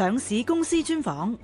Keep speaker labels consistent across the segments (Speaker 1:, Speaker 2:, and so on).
Speaker 1: 上市公司專訪，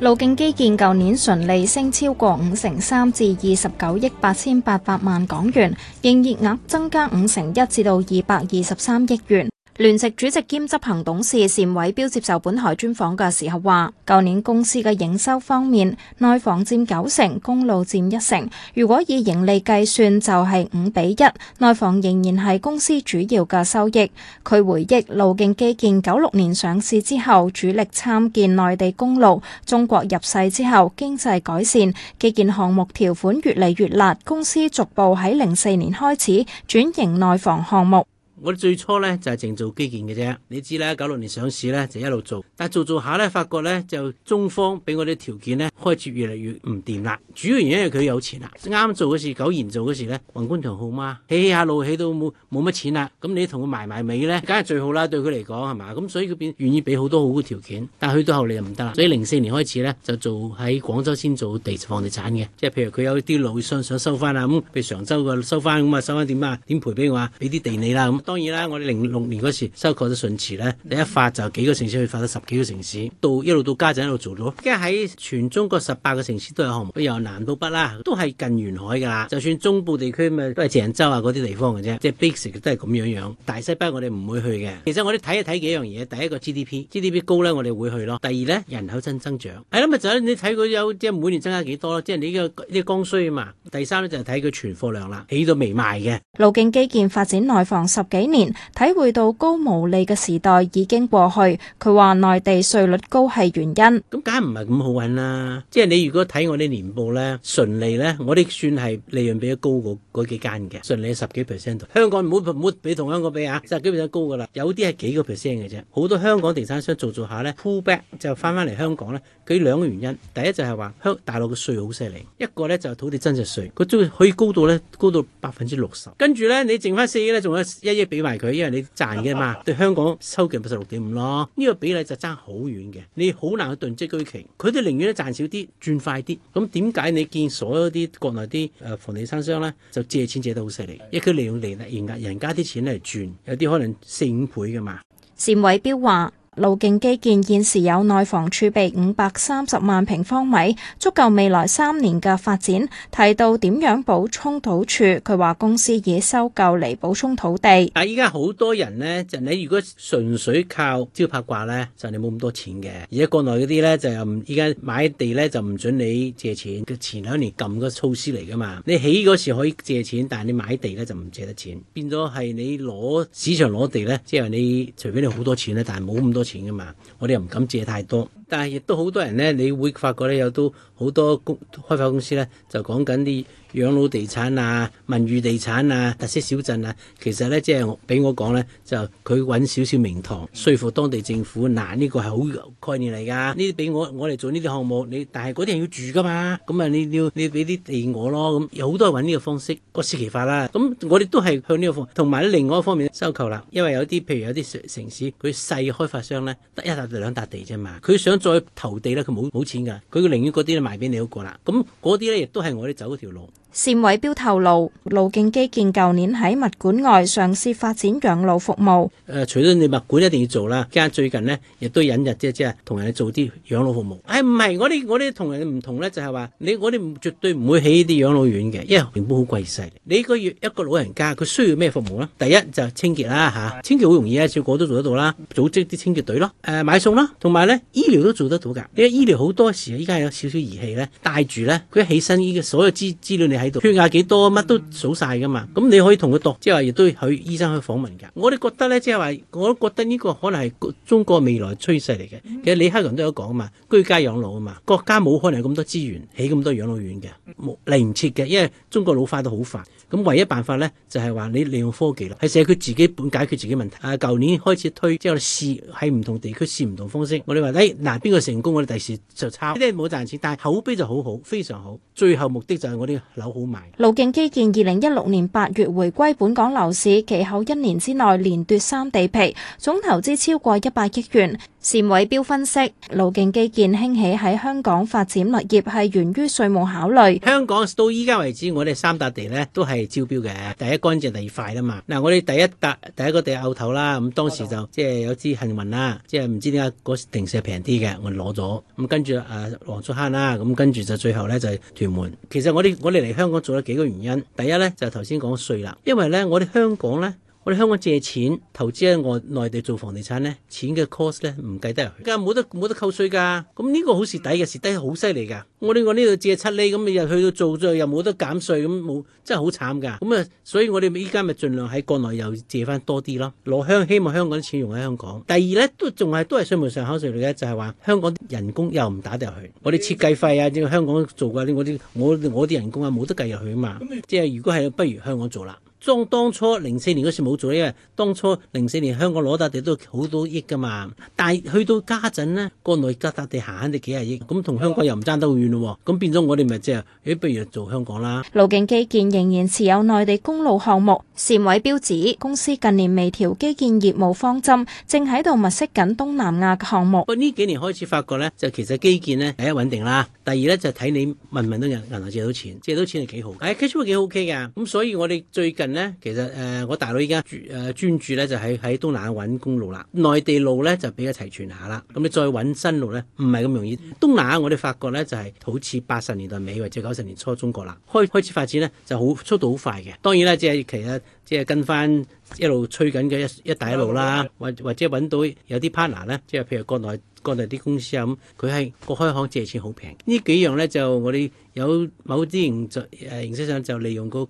Speaker 1: 路勁基建舊年純利升超過五成三，至二十九億八千八百萬港元，營業額增加五成一，至到二百二十三億元。聯席主席兼執行董事單偉彪接受本台專訪嘅時候話：，舊年公司嘅營收方面，內房佔九成，公路佔一成。如果以盈利計算，就係五比一，內房仍然係公司主要嘅收益。佢回憶：，路勁基建九六年上市之後，主力參建內地公路。中國入世之後，經濟改善，基建項目條款越嚟越辣，公司逐步喺零四年開始轉型內房項目。
Speaker 2: 我哋最初咧就係淨做基建嘅啫，你知啦，九六年上市咧就一路做，但做做下咧，發覺咧就中方俾我哋條件咧，開始越嚟越唔掂啦。主要原因係佢有錢啦，啱做嗰時，九年做嗰時咧，宏觀調控嘛，起起下路起到冇冇乜錢啦，咁你同佢埋埋尾咧，梗係最好啦，對佢嚟講係嘛？咁所以佢變願意俾好多好嘅條件，但去到後嚟就唔得啦。所以零四年開始咧就做喺廣州先做地房地產嘅，即係譬如佢有啲路想想收翻啊，咁譬如常州個收翻咁啊，收翻點啊，點賠俾我啊？俾啲地你啦咁。當然啦，我哋零六年嗰時收購咗順馳咧，你一發就幾個城市去發咗十幾個城市，到一路到家陣一路做到，跟住喺全中國十八個城市都有項目，由南到北啦，都係近沿海噶啦。就算中部地區咪都係鄭州啊嗰啲地方嘅啫，即係 basic 都係咁樣樣。大西北我哋唔會去嘅。其實我哋睇一睇幾樣嘢，第一個 GDP，GDP GDP 高咧我哋會去咯。第二咧人口增增長，係啦嘛，就係你睇佢有即係每年增加幾多咯，即係呢個呢個剛需啊嘛。第三咧就係睇佢存貨量啦，起到未賣嘅
Speaker 1: 路勁基建發展內房十幾幾年體會到高毛利嘅時代已經過去，佢話內地稅率高係原因。咁梗
Speaker 2: 唔係咁好搵啦、啊，即係你如果睇我啲年報咧，純利咧，我啲算係利潤比較高嗰嗰幾間嘅，純利十幾 percent 度。香港唔好唔好俾同香港比啊，十幾 percent 高噶啦，有啲係幾個 percent 嘅啫。好多香港地產商做著做下咧 pull back 就翻翻嚟香港咧，佢兩個原因，第一就係話香大陸嘅稅好犀利，一個咧就係土地增值稅，佢最可以高到咧高到百分之六十，跟住咧你剩翻四億咧，仲有一億。俾埋佢，因為你賺嘅嘛，對香港收勁八十六點五咯，呢個比例就爭好遠嘅，你好難去囤積居奇。佢哋寧願都賺少啲，轉快啲。咁點解你見所有啲國內啲誒房地產商咧，就借錢借得好犀利，因為佢利用利率，而人家啲錢嚟轉，有啲可能四五倍嘅嘛。
Speaker 1: 單偉彪話。路勁基建現時有內房儲備五百三十萬平方米，足夠未來三年嘅發展。提到點樣補充土儲，佢話公司以收購嚟補充土地。
Speaker 2: 啊，依家好多人呢，就你如果純粹靠招拍掛呢，就你冇咁多錢嘅。而家國內嗰啲呢，就又唔依家買地呢，就唔準你借錢。佢前兩年禁嗰措施嚟㗎嘛，你起嗰時可以借錢，但係你買地呢，就唔借得錢，變咗係你攞市場攞地呢，即係你除非你好多錢呢，但係冇咁多錢。錢噶嘛，我哋又唔敢借太多。但係亦都好多人咧，你會發覺咧有都好多公開發公司咧就講緊啲養老地產啊、文娛地產啊、特色小鎮啊。其實咧即係俾我講咧，就佢搵少少名堂，說服當地政府，嗱、啊、呢、呢個係好有概念嚟㗎。呢啲俾我我哋做呢啲項目，你但係嗰啲人要住㗎嘛，咁啊你，你要你俾啲地我咯，咁有好多人搵呢個方式，各施其法啦。咁我哋都係向呢個方，同埋咧另外一方面收購啦，因為有啲譬如有啲城市佢細開發商咧得一笪兩笪地啫嘛，佢想。再投地咧，佢冇冇錢噶，佢寧願嗰啲賣俾你好過啦。咁嗰啲咧，亦都係我哋走嗰條路。
Speaker 1: 單偉彪透露，路勁基建舊年喺物管外嘗試發展養老服務。
Speaker 2: 誒，除咗你物管一定要做啦，而家最近呢亦都引入即係即係同人哋做啲養老服務。誒、哎，唔係，我哋我哋同人哋唔同咧，就係話你我哋唔絕對唔會起啲養老院嘅，因為成本好貴勢。你一個月一個老人家佢需要咩服務咧？第一就清潔啦吓，清潔好容易啊，小個都做得到啦，組織啲清潔隊咯。誒，買餸啦，同埋咧醫療都做得到噶。因為醫療好多時依家有少少儀器咧，帶住咧佢一起身依嘅所有資資料喺度，血壓幾多，乜都數晒噶嘛。咁你可以同佢度，即係話亦都去醫生去訪問㗎。我哋覺得咧，即係話我都覺得呢個可能係中國未來趨勢嚟嘅。其實李克強都有講啊嘛，居家養老啊嘛，國家冇可能有咁多資源起咁多養老院嘅，嚟唔切嘅。因為中國老化得好快，咁唯一辦法咧就係話你利用科技啦，喺社區自己本解決自己問題。啊，舊年開始推，即係我試喺唔同地區試唔同方式。我哋話，哎嗱，邊個成功，我哋第時就抄。呢啲冇賺錢，但係口碑就好好，非常好。最後目的就係我哋
Speaker 1: 路勁基建二零一六年八月回歸本港樓市，其後一年之內連奪三地皮，總投資超過一百億元。單偉彪分析，路勁基建興起喺香港發展物業，係源於稅務考慮。
Speaker 2: 香港到依家為止，我哋三笪地呢都係招標嘅，第一乾淨，第二快嘛。嗱，我哋第一笪第一個地拗頭啦，咁當時就即係有支幸運啦，即係唔知點解嗰陣時平啲嘅，我攞咗。咁跟住誒黃竹坑啦，咁跟住就最後呢，就係屯門。其實我哋我哋嚟。香港做咗幾個原因，第一呢就係頭先講稅啦，因為呢，我哋香港呢。我哋香港借錢投資喺外內地做房地產咧，錢嘅 cost 咧唔計得入去。噶，冇得冇得扣稅噶，咁呢個好蝕底嘅，蝕底好犀利噶。我哋我呢度借七厘，咁又去到做咗又冇得減稅，咁冇真係好慘噶。咁啊，所以我哋依家咪儘量喺國內又借翻多啲咯，攞香希望香港啲錢用喺香港。第二咧都仲係都係商業上考稅嚟嘅，就係、是、話香港人工又唔打得入去。我哋設計費啊，喺香港做嘅、啊、啲我啲我啲人工啊，冇得計入去啊嘛。即係如果係不如香港做啦。當當初零四年嗰時冇做，因為當初零四年香港攞笪地都好多億㗎嘛。但去到家陣呢，國內攪笪地行肯定幾廿億，咁同香港又唔爭得好遠咯。咁變咗我哋咪即係，不、哎、如做香港啦。
Speaker 1: 路勁基建仍然持有內地公路項目善位標指公司近年微調基建業務方針，正喺度物色緊東南亞嘅項目。
Speaker 2: 呢幾年開始發覺呢，就其實基建呢第一穩定啦，第二呢就睇你問問問到銀銀行借到錢，借到錢係幾好。誒 cash flow 幾 OK 㗎，咁所以我哋最近。咧，其實誒，我大佬依家專誒專注咧，就喺喺東南亞揾公路啦。內地路咧就比較齊全下啦。咁你再揾新路咧，唔係咁容易。東南亞我哋發覺咧，就係好似八十年代尾或者九十年初中國啦，開開始發展咧就好速度好快嘅。當然啦，即係其實即係跟翻一,一,一路吹緊嘅一一帶一路啦，或或者揾到有啲 partner 咧，即係譬如國內國內啲公司啊咁，佢係國開行借錢好平。呢幾樣咧就我哋有某啲形誒形式上就利用個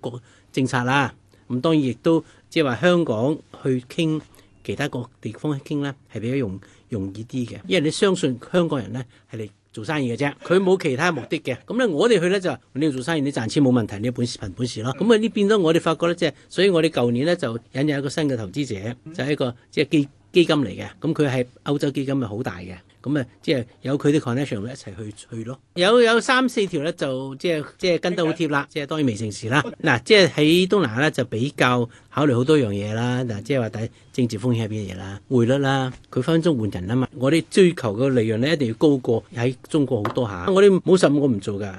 Speaker 2: 政策啦。咁當然亦都即係話香港去傾其他個地方傾咧，係比較容容易啲嘅，因為你相信香港人咧係嚟做生意嘅啫，佢冇其他目的嘅。咁咧我哋去咧就你要做生意，你賺錢冇問題，你本事憑本事咯。咁啊呢變咗我哋發覺咧，即係所以我哋舊年咧就引入一個新嘅投資者，就係一個即係基基金嚟嘅。咁佢係歐洲基金，咪好大嘅。咁啊，即係有佢啲 connection 一齊去去咯。有有三四條咧，就即係即係跟得好貼啦。即係當然未成事啦。嗱、okay，即係喺東南亞呢，就比較考慮好多樣嘢啦。嗱，即係話睇政治風險係邊嘢啦，匯率啦，佢分分鐘換人啊嘛。我哋追求嘅利潤咧，一定要高過喺中國好多下。我哋冇十五個唔做噶。